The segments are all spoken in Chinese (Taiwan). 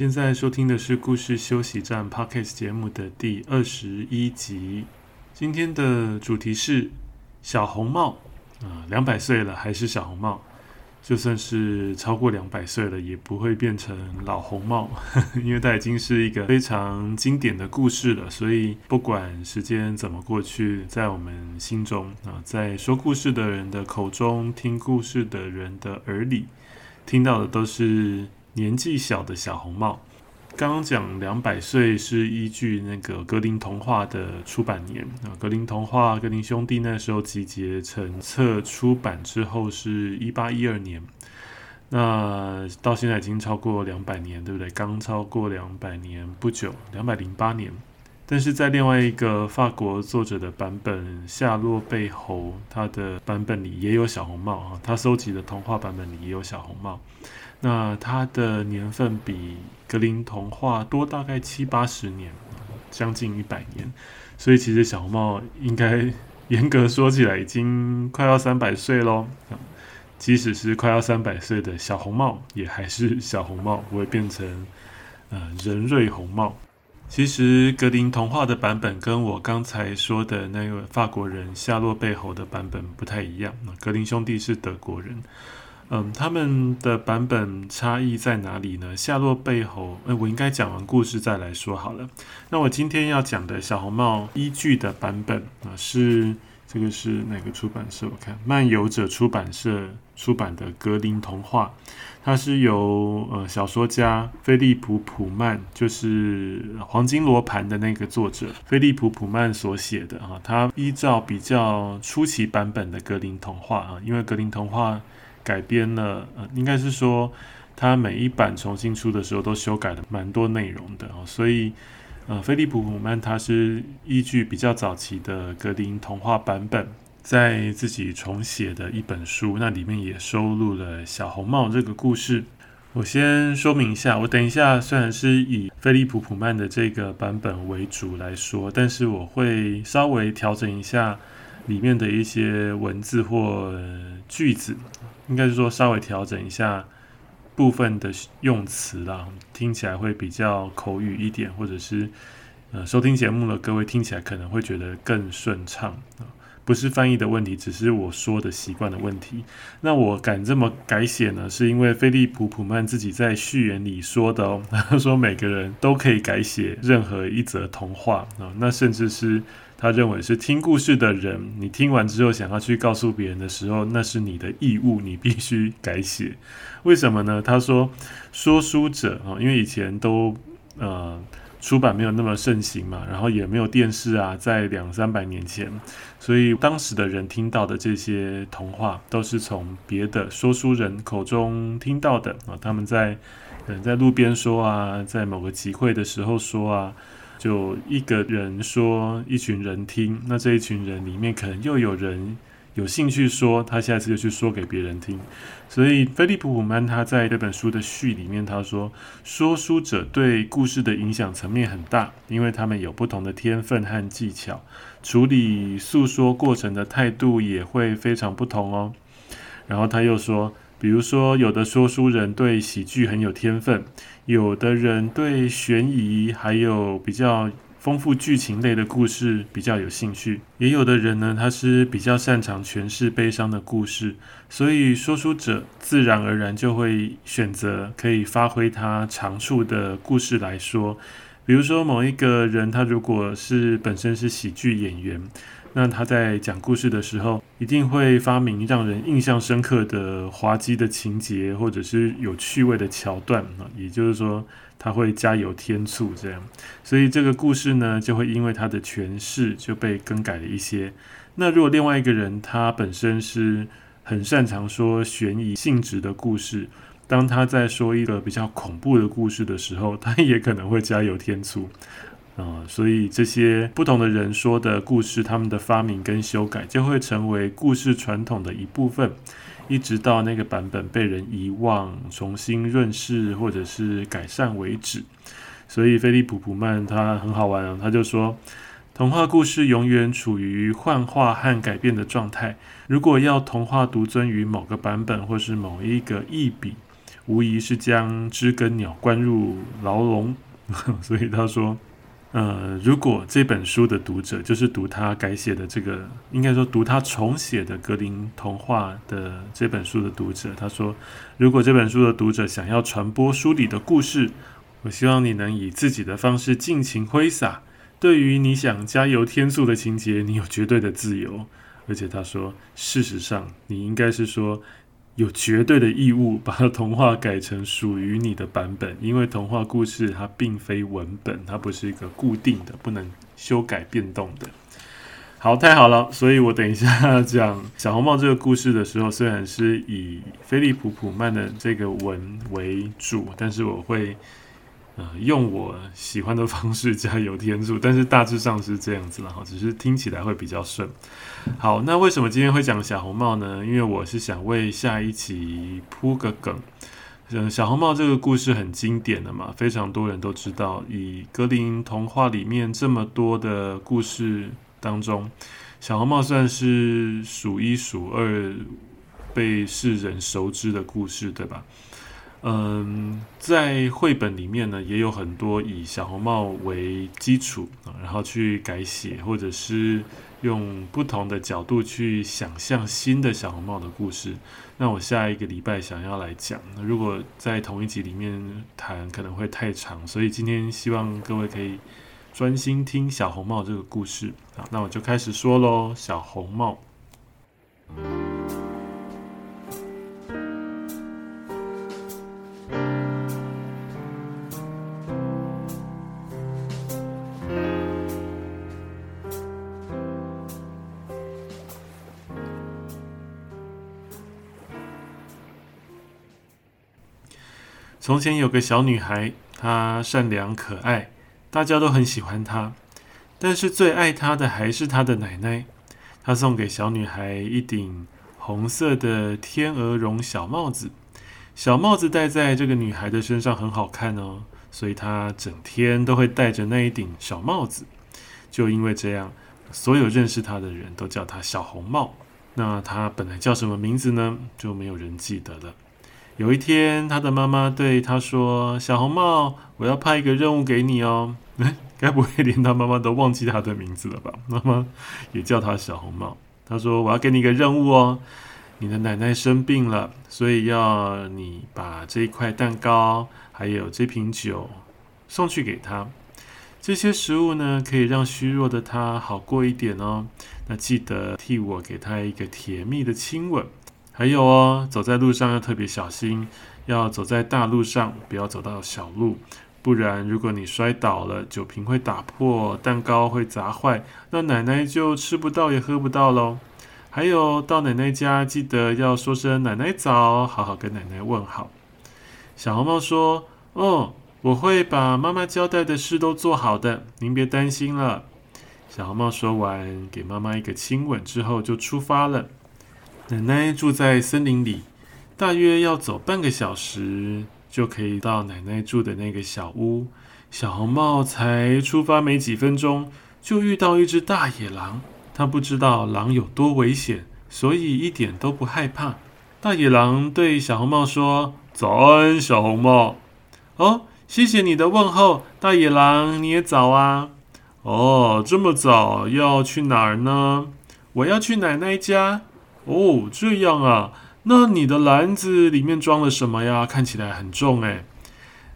現在收聽的是《故事休息站》Podcast 節目的第二十一集。今天的主題是小紅帽啊，兩百歲了還是小紅帽，就算是超過兩百歲了，也不會變成老紅帽，因為它已經是一個非常經典的故事了。所以不管時間怎麼過去，在我們心中啊，在說故事的人的口中，聽故事的人的耳裡，聽到的都是。年紀小的小紅帽，剛剛講兩百歲是依據那個格林童話的出版年啊，格林童話格林兄弟那時候集結成冊出版之後是一八一二年，那到現在已經超過兩百年，對不對？剛超過兩百年不久，兩百零八年。但是在另外一個法國作者的版本夏洛貝侯，他的版本裡也有小紅帽啊，他收集的童話版本裡也有小紅帽。那它的年份比格林童話多大概七八十年，嗯，將近一百年，所以其實小紅帽應該嚴格說起來已經快要三百歲咯，嗯。即使是快要三百歲的小紅帽，也還是小紅帽，不會變成呃人瑞紅帽。其實格林童話的版本跟我剛才說的那個法國人夏洛貝侯的版本不太一樣，格林兄弟是德國人。嗯，他們的版本差異在哪裡呢？夏洛貝侯、呃，我應該講完故事再來說好了。那我今天要講的小紅帽依據的版本啊、呃，是這個是哪個出版社？我看漫遊者出版社出版的格林童話，它是由呃小說家菲立普·普曼，就是《黃金羅盤》的那個作者菲立普·普曼所寫的啊。他依照比較初期版本的格林童話啊，因為格林童話。改編了，呃，應該是說他每一版重新出的時候都修改了蠻多內容的。所以，呃，菲立普·普曼他是依據比較早期的格林童話版本，在自己重寫的一本書，那裡面也收錄了小紅帽這個故事。我先說明一下，我等一下雖然是以菲立普·普曼的這個版本為主來說，但是我會稍微調整一下。裡面的一些文字或、呃、句子，應該是說稍微調整一下部分的用詞啦，聽起來會比較口語一點，或者是呃收聽節目的各位聽起來可能會覺得更順暢啊。不是翻譯的問題，只是我說的習慣的問題。那我敢這麼改寫呢，是因為菲立普·普曼自己在序言裡說的哦，呵呵說每個人都可以改寫任何一則童話啊、呃，那甚至是。他認為是聽故事的人，你聽完之後想要去告訴別人的時候，那是你的義務，你必須改寫。為什麼呢？他說，說書者啊，因為以前都呃出版沒有那麼盛行嘛，然後也沒有電視啊，在兩三百年前，所以當時的人聽到的這些童話，都是從別的說書人口中聽到的啊。他們在嗯在路邊說啊，在某個集會的時候說啊。就一個人說，一群人聽。那這一群人裡面，可能又有人有興趣說，他下次就去說給別人聽。所以，菲立普·普曼他在這本書的序裡面他說，說書者對故事的影響層面很大，因為他們有不同的天分和技巧，處理訴說過程的態度也會非常不同哦。然後他又說，比如說，有的說書人對喜劇很有天分。有的人對懸疑還有比較豐富劇情類的故事比較有興趣，也有的人呢，他是比較擅長詮釋悲傷的故事，所以說書者自然而然就會選擇可以發揮他長處的故事來說。比如說某一個人，他如果是本身是喜劇演員。那他在講故事的時候，一定會發明讓人印象深刻的滑稽的情節，或者是有趣味的橋段啊。也就是說，他會加油添醋這樣，所以這個故事呢，就會因為他的詮釋就被更改了一些。那如果另外一個人他本身是很擅長說懸疑性質的故事，當他在說一個比較恐怖的故事的時候，他也可能會加油添醋。啊、嗯，所以這些不同的人說的故事，他們的發明跟修改就會成為故事傳統的一部分，一直到那個版本被人遺忘、重新認識或者是改善為止。所以，菲立普·普曼他很好玩啊、哦，他就說，童話故事永遠處於幻化和改變的狀態。如果要童話獨尊於某個版本或是某一個譯筆，無疑是將知更鳥關入牢籠。 所以他說。呃，如果這本書的讀者就是讀他改寫的這個，應該說讀他重寫的格林童話的這本書的讀者，他說，如果這本書的讀者想要傳播書裡的故事，我希望你能以自己的方式盡情揮灑。對於你想加油添醋的情節，你有絕對的自由。而且他說，事實上，你應該是說。有絕對的義務把它童話改成屬於你的版本，因為童話故事它並非文本，它不是一個固定的、不能修改變動的。好，太好了，所以我等一下講小紅帽這個故事的時候，雖然是以菲立普·普曼的這個文為主，但是我會。用我喜歡的方式加油添醋，但是大致上是這樣子了哈，只是聽起來會比較順。好，那為什麼今天會講小紅帽呢？因為我是想為下一集鋪個梗。嗯，小紅帽這個故事很經典的嘛，非常多人都知道。以格林童話裡面這麼多的故事當中，小紅帽算是數一數二被世人熟知的故事，對吧？嗯，在繪本裡面呢，也有很多以小紅帽為基礎啊，然後去改寫，或者是用不同的角度去想象新的小紅帽的故事。那我下一個禮拜想要來講，那如果在同一集裡面談可能會太長，所以今天希望各位可以專心聽小紅帽這個故事啊。好，那我就開始說嘍，小紅帽。從前有個小女孩，她善良可愛，大家都很喜歡她。但是最愛她的還是她的奶奶。她送給小女孩一頂紅色的天鵝絨小帽子，小帽子戴在這個女孩的身上很好看哦，所以她整天都會戴着那一頂小帽子。就因為這樣，所有認識她的人都叫她小紅帽。那她本來叫什麼名字呢？就沒有人記得了。有一天，他的媽媽對他說：“小紅帽，我要派一個任務給你哦。哎，該不會連他媽媽都忘記他的名字了吧？媽媽也叫他小紅帽。他說：我要給你一個任務哦，你的奶奶生病了，所以要你把這一塊蛋糕還有這瓶酒送去給他。這些食物呢，可以讓虛弱的他好過一點哦。那記得替我給他一個甜蜜的親吻。”還有哦，走在路上要特別小心，要走在大路上，不要走到小路，不然如果你摔倒了，酒瓶會打破，蛋糕會砸壞，那奶奶就吃不到也喝不到嘍。還有，到奶奶家記得要說聲“奶奶早”，好好跟奶奶問好。小紅帽說：“哦，我會把媽媽交代的事都做好的，您別擔心了。”小紅帽說完，給媽媽一個親吻之後就出發了。奶奶住在森林裡，大約要走半個小時就可以到奶奶住的那個小屋。小紅帽才出發沒幾分鐘，就遇到一隻大野狼。他不知道狼有多危險，所以一點都不害怕。大野狼對小紅帽說：“早安，小紅帽。哦，謝謝你的問候，大野狼，你也早啊。哦，這麼早要去哪兒呢？我要去奶奶家。”哦，這樣啊，那你的籃子裡面裝了什麼呀？看起來很重欸。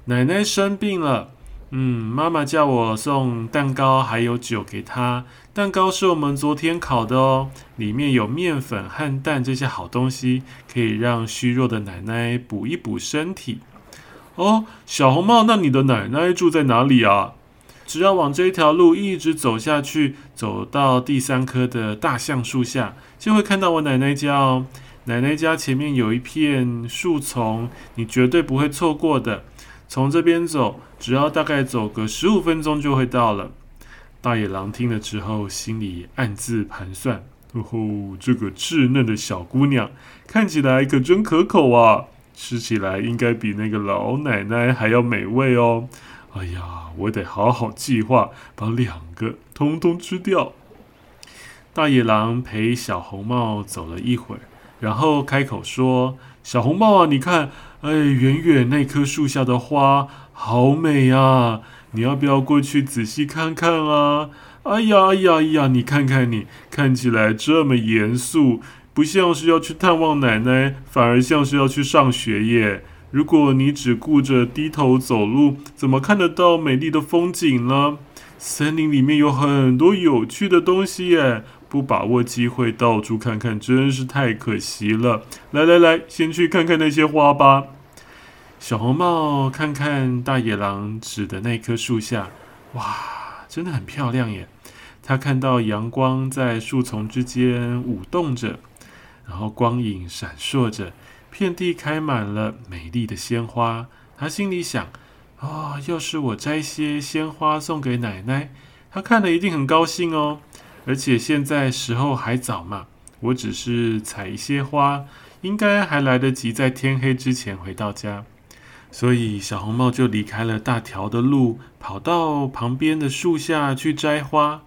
奶奶生病了，嗯，媽媽叫我送蛋糕還有酒給她。蛋糕是我們昨天烤的哦，裡面有麵粉和蛋這些好東西，可以讓虛弱的奶奶補一補身體。哦，小紅帽，那你的奶奶住在哪裡啊？只要往這條路一直走下去。走到第三棵的大橡樹下，就會看到我奶奶家哦。奶奶家前面有一片樹叢，你絕對不會錯過的。從這邊走，只要大概走個十五分鐘就會到了。大野狼聽了之後，心裡暗自盤算：哦吼，這個稚嫩的小姑娘，看起來可真可口啊！吃起來應該比那個老奶奶還要美味哦。哎呀，我得好好計劃，把兩個通通吃掉。大野狼陪小紅帽走了一會兒，然後開口說：“小紅帽啊，你看，哎，遠遠那棵樹下的花好美啊，你要不要過去仔細看看啊？”“哎呀，哎呀，哎呀，你看看你，看起來這麼嚴肅，不像是要去探望奶奶，反而像是要去上學耶。”如果你只顧着低頭走路，怎麼看得到美麗的風景呢？森林裡面有很多有趣的東西耶，不把握機會到處看看，真是太可惜了。來來來，先去看看那些花吧。小紅帽看看大野狼指的那棵樹下，哇，真的很漂亮耶！他看到陽光在樹叢之間舞動着，然後光影閃爍着，遍地開滿了美麗的鮮花，他心裡想：“啊、哦，要是我摘些鮮花送給奶奶，她看了一定很高興哦。而且現在時候還早嘛，我只是採一些花，應該還來得及在天黑之前回到家。”所以，小紅帽就離開了大條的路，跑到旁邊的樹下去摘花。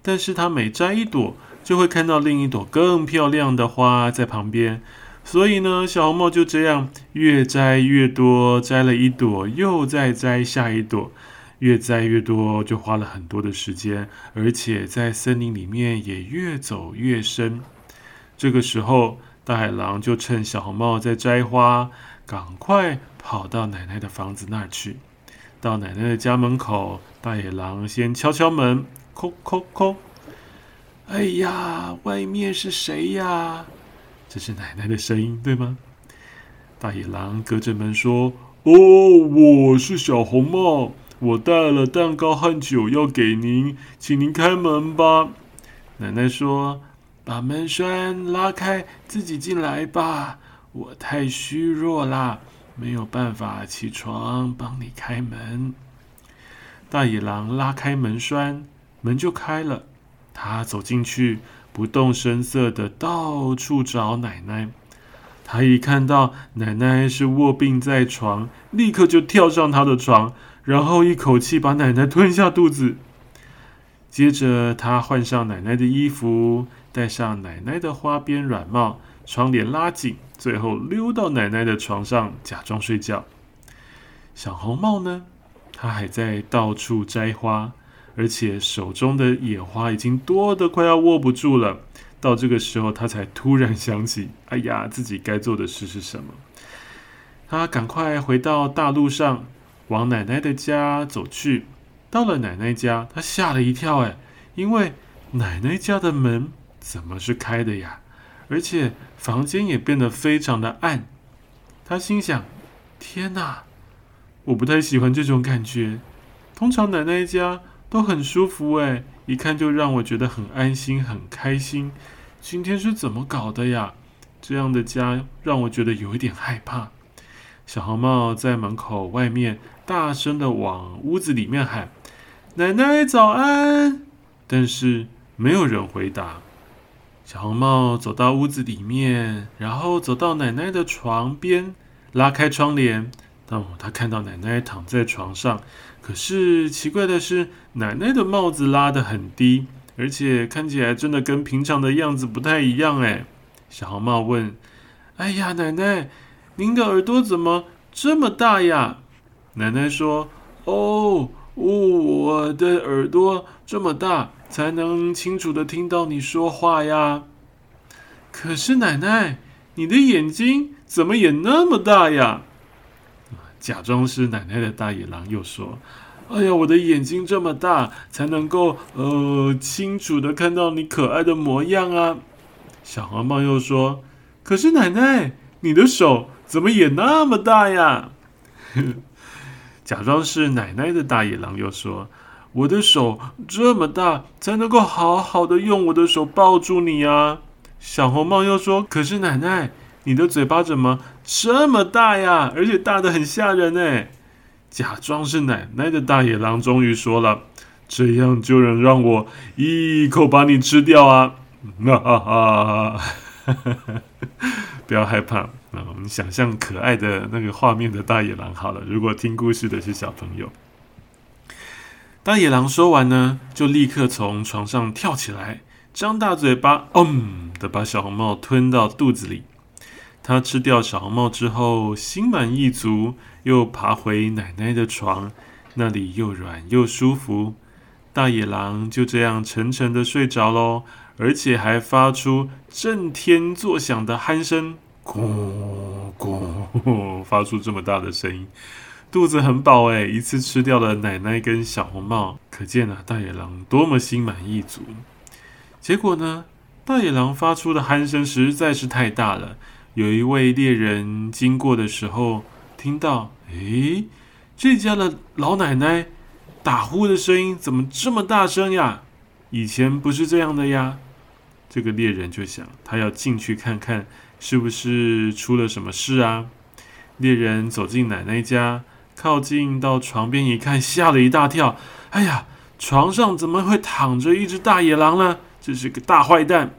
但是，他每摘一朵，就會看到另一朵更漂亮的花在旁邊。所以呢，小紅帽就這樣越摘越多，摘了一朵又再摘下一朵，越摘越多，就花了很多的時間，而且在森林裡面也越走越深。這個時候，大野狼就趁小紅帽在摘花，趕快跑到奶奶的房子那兒去。到奶奶的家門口，大野狼先敲敲門，叩叩叩。哎呀，外面是誰呀？這是奶奶的聲音，對嗎？大野狼隔着門說：“哦，我是小紅帽，我帶了蛋糕和酒要給您，請您開門吧。”奶奶說：“把門栓拉開，自己進來吧，我太虛弱啦，沒有辦法起床幫你開門。”大野狼拉開門栓，門就開了，他走進去。不動聲色的到處找奶奶，他一看到奶奶是臥病在床，立刻就跳上她的床，然後一口氣把奶奶吞下肚子。接着，他換上奶奶的衣服，戴上奶奶的花邊軟帽，窗簾拉緊，最後溜到奶奶的床上假裝睡覺。小紅帽呢？他還在到處摘花。而且手中的野花已經多的快要握不住了。到這個時候，他才突然想起：“哎呀，自己該做的事是什麼？”他趕快回到大路上，往奶奶的家走去。到了奶奶家，他嚇了一跳，哎，因為奶奶家的門怎麼是開的呀？而且房間也變得非常的暗。他心想：“天哪，我不太喜歡這種感覺。通常奶奶家……”都很舒服誒、欸，一看就讓我覺得很安心，很開心。今天是怎麼搞的呀？這樣的家讓我覺得有一點害怕。小紅帽在門口外面大聲地往屋子裡面喊：“奶奶早安！”但是沒有人回答。小紅帽走到屋子裡面，然後走到奶奶的床邊，拉開窗簾。哦，他看到奶奶躺在床上，可是奇怪的是，奶奶的帽子拉得很低，而且看起來真的跟平常的樣子不太一樣哎。小紅帽問：“哎呀，奶奶，您的耳朵怎麼這麼大呀？”奶奶說：“哦，哦，我的耳朵這麼大，才能清楚地聽到你說話呀。”可是奶奶，你的眼睛怎麼也那麼大呀？假裝是奶奶的大野狼又說：“哎呀，我的眼睛這麼大，才能夠呃清楚的看到你可愛的模樣啊。”小紅帽又說：“可是奶奶，你的手怎麼也那麼大呀？” 假裝是奶奶的大野狼又說：“我的手這麼大，才能夠好好的用我的手抱住你啊。”小紅帽又說：“可是奶奶。”你的嘴巴怎麼這麼大呀？而且大得很嚇人欸！假裝是奶奶的大野狼終於說了：“這樣就能讓我一口把你吃掉啊！”哈哈，不要害怕。嗯，那我們想象可愛的那個畫面的大野狼好了。如果聽故事的是小朋友，大野狼說完呢，就立刻從床上跳起來，張大嘴巴，嗯的把小紅帽吞到肚子裡。他吃掉小紅帽之後，心滿意足，又爬回奶奶的床，那裡又軟又舒服。大野狼就這樣沉沉的睡着嘍，而且還發出震天作響的鼾聲，咕咕，咕，呵呵，發出這麼大的聲音，肚子很飽，欸，一次吃掉了奶奶跟小紅帽，可見啊，大野狼多麼心滿意足。結果呢，大野狼發出的鼾聲實在是太大了。有一位獵人經過的時候，聽到：“哎、欸，這家的老奶奶打呼的聲音怎麼這麼大聲呀？以前不是這樣的呀。”這個獵人就想，他要進去看看，是不是出了什麼事啊？獵人走進奶奶家，靠近到床邊一看，嚇了一大跳：“哎呀，床上怎麼會躺着一隻大野狼呢？這是個大壞蛋！”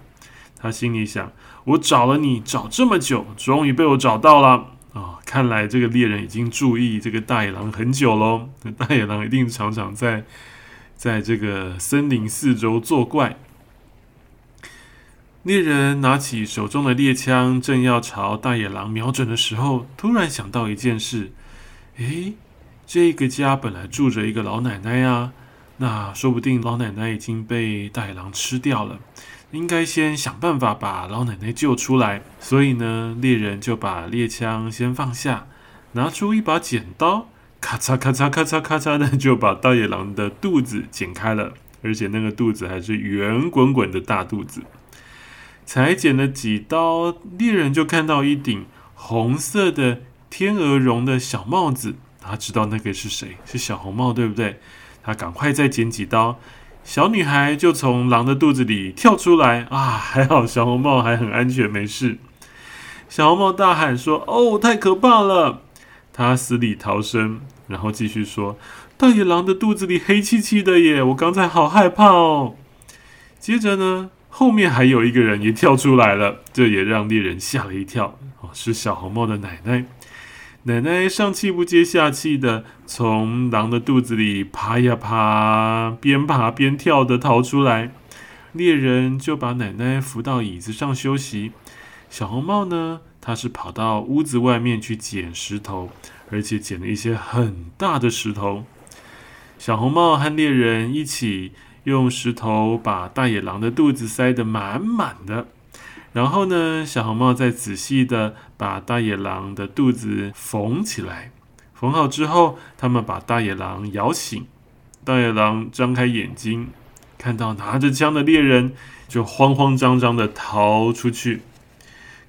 他心裡想。我找了你找這麼久，終於被我找到了啊，哦！看來這個獵人已經注意這個大野狼很久嘍。大野狼一定常常在在這個森林四周作怪。獵人拿起手中的獵槍，正要朝大野狼瞄準的時候，突然想到一件事：誒，這個家本來住着一個老奶奶啊，那說不定老奶奶已經被大野狼吃掉了。應該先想辦法把老奶奶救出來，所以呢，獵人就把獵槍先放下，拿出一把剪刀，咔嚓咔嚓咔嚓咔嚓的就把大野狼的肚子剪開了，而且那個肚子還是圓滾滾的大肚子。才剪了幾刀，獵人就看到一頂紅色的天鵝絨的小帽子，他知道那個是誰，是小紅帽，對不對？他趕快再剪幾刀。小女孩就從狼的肚子裡跳出來啊！還好小紅帽還很安全，沒事。小紅帽大喊說：“哦，太可怕了！”她死裡逃生，然後繼續說：“大野狼的肚子裡黑漆漆的耶，我剛才好害怕哦。”接着呢，後面還有一個人也跳出來了，這也讓獵人嚇了一跳。哦，是小紅帽的奶奶。奶奶上氣不接下氣的從狼的肚子裡爬呀爬，邊爬邊跳的逃出來。獵人就把奶奶扶到椅子上休息。小紅帽呢，她是跑到屋子外面去撿石頭，而且撿了一些很大的石頭。小紅帽和獵人一起用石頭把大野狼的肚子塞得滿滿的。然後呢，小紅帽再仔細地把大野狼的肚子縫起來。縫好之後，他們把大野狼搖醒。大野狼張開眼睛，看到拿着槍的獵人，就慌慌張張地逃出去。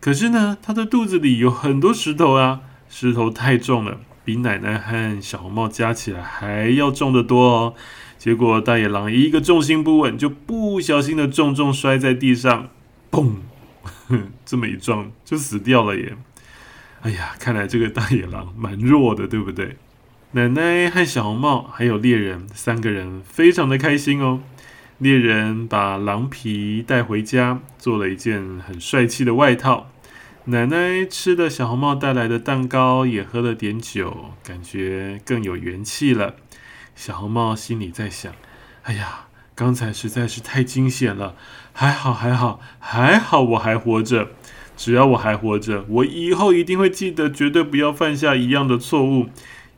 可是呢，他的肚子裡有很多石頭啊，石頭太重了，比奶奶和小紅帽加起來還要重得多哦。結果大野狼一個重心不穩，就不小心地重重摔在地上，砰！哼，這麼一撞就死掉了耶！哎呀，看來這個大野狼蠻弱的，對不對？奶奶和小紅帽還有獵人三個人非常的開心哦。獵人把狼皮帶回家，做了一件很帥氣的外套。奶奶吃了小紅帽帶來的蛋糕，也喝了點酒，感覺更有元氣了。小紅帽心裡在想：哎呀，剛才實在是太驚險了。還好，還好，還好，還好，我還活着。只要我還活着，我以後一定會記得，絕對不要犯下一樣的錯誤。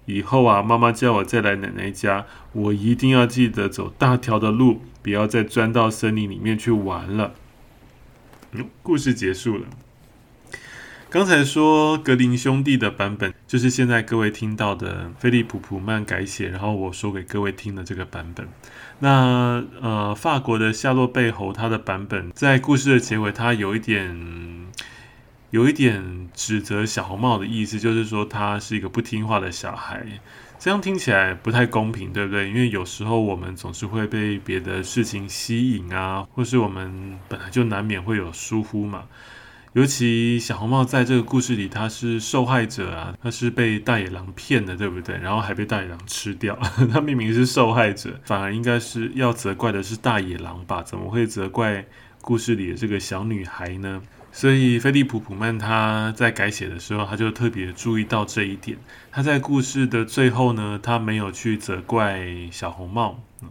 以後啊，媽媽叫我再來奶奶家，我一定要記得走大條的路，不要再鑽到森林裡面去玩了。嗯，故事結束了。剛才說格林兄弟的版本，就是現在各位聽到的菲立普·普曼改寫，然後我說給各位聽的這個版本。那呃，法國的夏洛貝侯他的版本，在故事的結尾，他有一點，有一點指責小紅帽的意思，就是說他是一個不聽話的小孩。這樣聽起來不太公平，對不對？因為有時候我們總是會被別的事情吸引啊，或是我們本來就難免會有疏忽嘛。尤其小紅帽在這個故事裡，她是受害者啊，她是被大野狼騙的，對不對？然後還被大野狼吃掉，她明明是受害者，反而應該是要責怪的是大野狼吧？怎麼會責怪故事裡的這個小女孩呢？所以菲立普·普曼他在改寫的時候，他就特別注意到這一點。他在故事的最後呢，他沒有去責怪小紅帽。嗯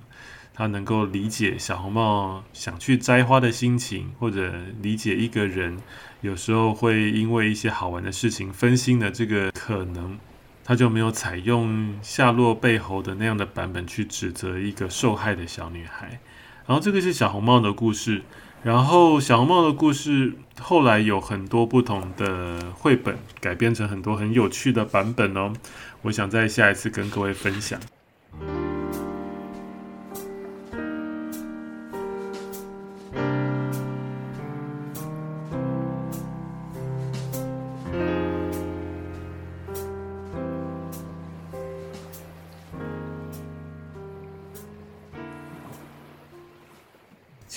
他能夠理解小紅帽想去摘花的心情，或者理解一個人有時候會因為一些好玩的事情分心的這個可能，他就沒有採用夏洛貝侯的那樣的版本去指責一個受害的小女孩。然後這個是小紅帽的故事，然後小紅帽的故事後來有很多不同的繪本改編成很多很有趣的版本哦，我想在下一次跟各位分享。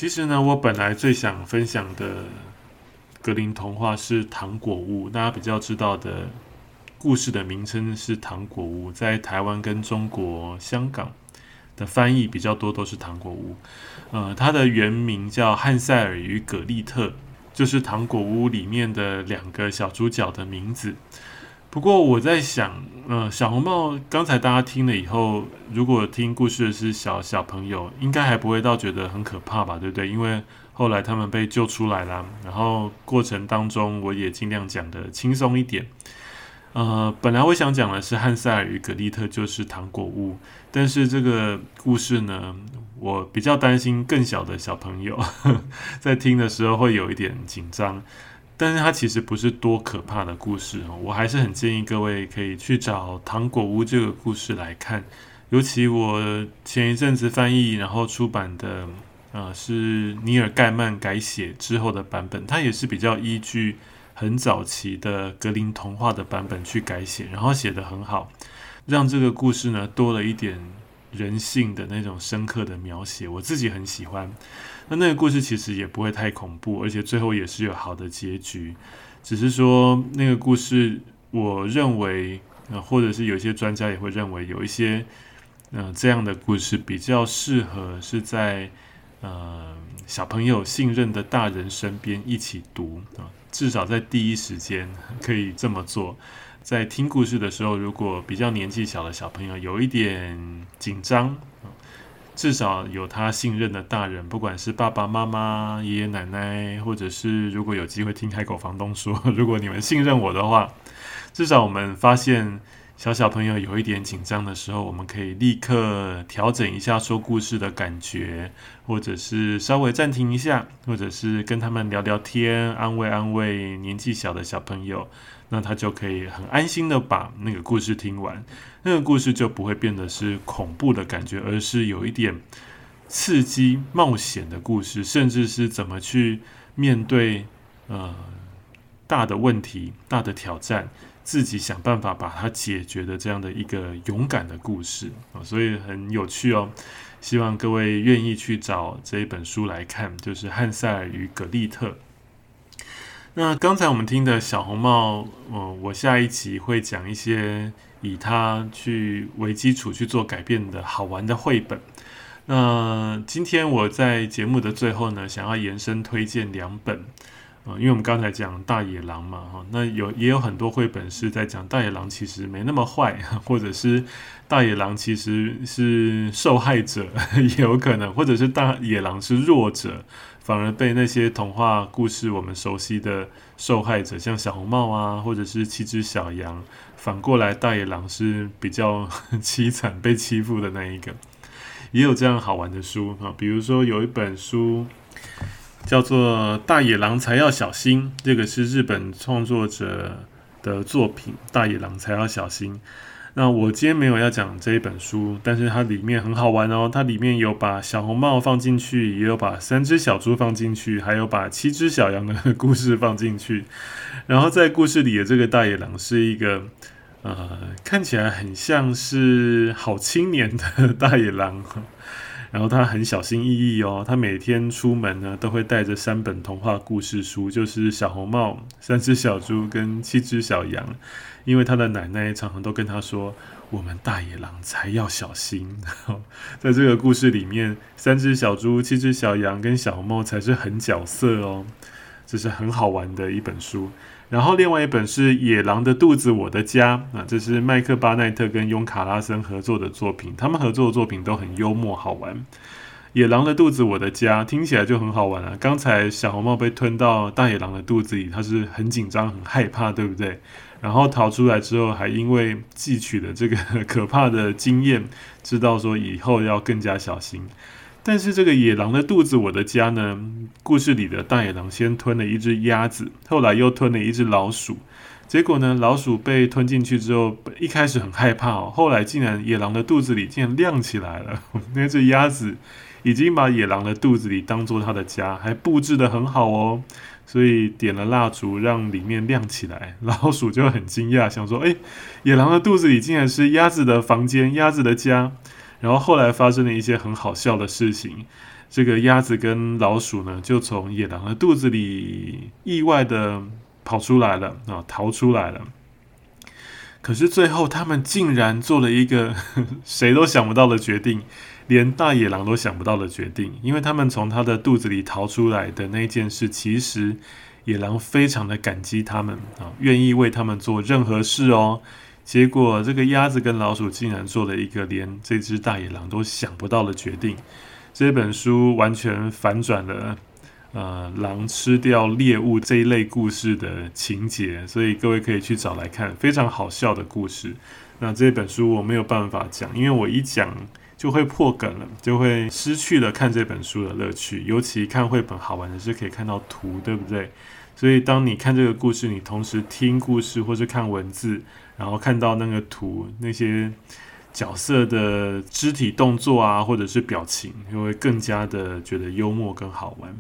其實呢，我本來最想分享的格林童話是《糖果屋》，大家比較知道的故事的名稱是《糖果屋》。在台灣跟中國、香港的翻譯比較多，都是《糖果屋》。呃，它的原名叫《漢賽爾與葛麗特》，就是《糖果屋》裡面的兩個小主角的名字。不過我在想，呃，小紅帽剛才大家聽了以後，如果聽故事的是小小朋友，應該還不會到覺得很可怕吧，對不對？因為後來他們被救出來啦。然後過程當中我也盡量講得輕鬆一點。呃，本來我想講的是《漢塞爾與葛麗特》，就是《糖果屋》，但是這個故事呢，我比較擔心更小的小朋友呵呵在聽的時候會有一點緊張。但是它其實不是多可怕的故事哦，我還是很建議各位可以去找《糖果屋》這個故事來看，尤其我前一陣子翻譯然後出版的，啊、呃、是尼爾蓋曼改寫之後的版本，它也是比較依據很早期的格林童話的版本去改寫，然後寫得很好，讓這個故事呢，多了一點。人性的那種深刻的描寫，我自己很喜歡。那那個故事其實也不會太恐怖，而且最後也是有好的結局。只是說那個故事，我認為、呃，或者是有些專家也會認為，有一些嗯、呃、這樣的故事比較適合是在呃小朋友信任的大人身邊一起讀啊、呃，至少在第一時間可以這麼做。在聽故事的時候，如果比較年紀小的小朋友有一點緊張，至少有他信任的大人，不管是爸爸媽媽、爺爺奶奶，或者是如果有機會聽海狗房東說，如果你們信任我的話，至少我們發現。小小朋友有一點緊張的時候，我們可以立刻調整一下說故事的感覺，或者是稍微暫停一下，或者是跟他們聊聊天，安慰安慰年紀小的小朋友，那他就可以很安心的把那個故事聽完。那個故事就不會變得是恐怖的感覺，而是有一點刺激冒險的故事，甚至是怎麼去面對，呃，大的問題、大的挑戰。自己想辦法把它解決的這樣的一個勇敢的故事啊，哦，所以很有趣哦。希望各位願意去找這一本書來看，就是《漢塞爾與葛麗特》。那剛才我們聽的《小紅帽》，呃，我下一集會講一些以它去為基礎去做改變的好玩的繪本。那今天我在節目的最後呢，想要延伸推薦兩本。啊，因為我們剛才講大野狼嘛，哈，那有也有很多繪本是在講大野狼其實沒那麼壞，或者是大野狼其實是受害者也有可能，或者是大野狼是弱者，反而被那些童話故事我們熟悉的受害者，像小紅帽啊，或者是七隻小羊，反過來大野狼是比較淒慘被欺負的那一個，也有這樣好玩的書哈，比如說有一本書。叫做《大野狼才要小心》，這個是日本創作者的作品，《大野狼才要小心》。那我今天沒有要講這一本書，但是它裡面很好玩哦。它裡面有把小紅帽放進去，也有把三隻小豬放進去，還有把七隻小羊的故事放進去。然後在故事裡的這個大野狼是一個，呃，看起來很像是好青年的大野狼。然後他很小心翼翼哦，他每天出門呢都會帶着三本童話故事書，就是《小紅帽》《三隻小豬》跟《七隻小羊》，因為他的奶奶常常都跟他說：“我們大野狼才要小心。”在這個故事裡面，《三隻小豬》《七隻小羊》跟《小紅帽》才是狠角色哦，這是很好玩的一本書。然後另外一本是《野狼的肚子我的家》，啊，這是麥克巴奈特跟雍卡拉森合作的作品。他們合作的作品都很幽默好玩，《野狼的肚子我的家》聽起來就很好玩啊！剛才小紅帽被吞到大野狼的肚子裡，他是很緊張、很害怕，對不對？然後逃出來之後，還因為汲取了這個可怕的經驗，知道說以後要更加小心。但是這個野狼的肚子我的家呢？故事裡的大野狼先吞了一隻鴨子，後來又吞了一隻老鼠。結果呢，老鼠被吞進去之後，一開始很害怕哦，後來竟然野狼的肚子裡竟然亮起來了。那隻鴨子已經把野狼的肚子裡當做它的家，還佈置得很好哦，所以點了蠟燭讓裡面亮起來。老鼠就很驚訝，想說：誒，野狼的肚子裡竟然是鴨子的房間，鴨子的家。然後後來發生了一些很好笑的事情，這個鴨子跟老鼠呢，就從野狼的肚子裡意外的跑出來了啊，逃出來了。可是最後，他們竟然做了一個呵呵誰都想不到的決定，連大野狼都想不到的決定，因為他們從他的肚子裡逃出來的那件事，其實野狼非常的感激他們啊，願意為他們做任何事哦。結果，這個鴨子跟老鼠竟然做了一個連這只大野狼都想不到的決定。這本書完全反轉了，呃，狼吃掉獵物這一類故事的情節，所以各位可以去找來看，非常好笑的故事。那這本書我沒有辦法講，因為我一講就會破梗了，就會失去了看這本書的樂趣。尤其看繪本好玩的是可以看到圖，對不對？所以，當你看這個故事，你同時聽故事或是看文字，然後看到那個圖，那些角色的肢體動作啊，或者是表情，又會更加的覺得幽默跟好玩。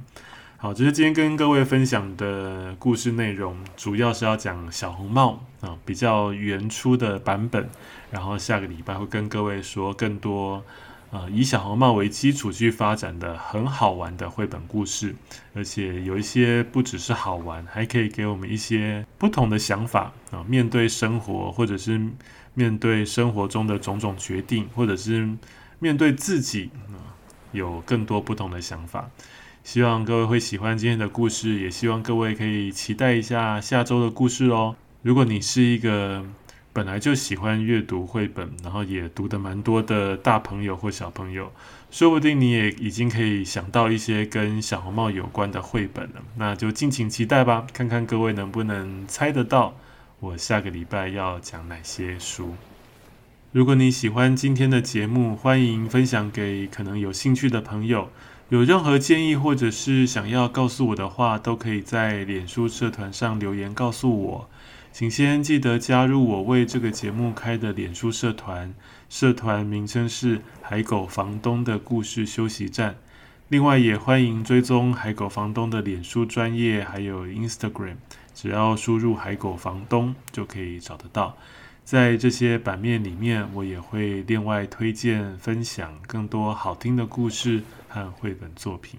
好，這是今天跟各位分享的故事內容，主要是要講《小紅帽》啊，比較原初的版本。然後下個禮拜會跟各位說更多。啊，以小紅帽為基礎去發展的很好玩的繪本故事，而且有一些不只是好玩，還可以給我們一些不同的想法啊。面對生活，或者是面對生活中的種種決定，或者是面對自己啊，有更多不同的想法。希望各位會喜歡今天的故事，也希望各位可以期待一下下週的故事哦。如果你是一個本來就喜歡閱讀繪本，然後也讀得蠻多的大朋友或小朋友，說不定你也已經可以想到一些跟小紅帽有關的繪本了。那就敬請期待吧，看看各位能不能猜得到我下個禮拜要講哪些書？如果你喜歡今天的節目，歡迎分享給可能有興趣的朋友。有任何建議或者是想要告訴我的話，都可以在臉書社團上留言告訴我。請先記得加入我為這個節目開的臉書社團，社團名稱是“海狗房東的故事休息站”。另外，也歡迎追蹤海狗房東的臉書專頁，還有 Instagram，只要輸入“海狗房東”就可以找得到。在這些版面裡面，我也會另外推薦分享更多好聽的故事和繪本作品。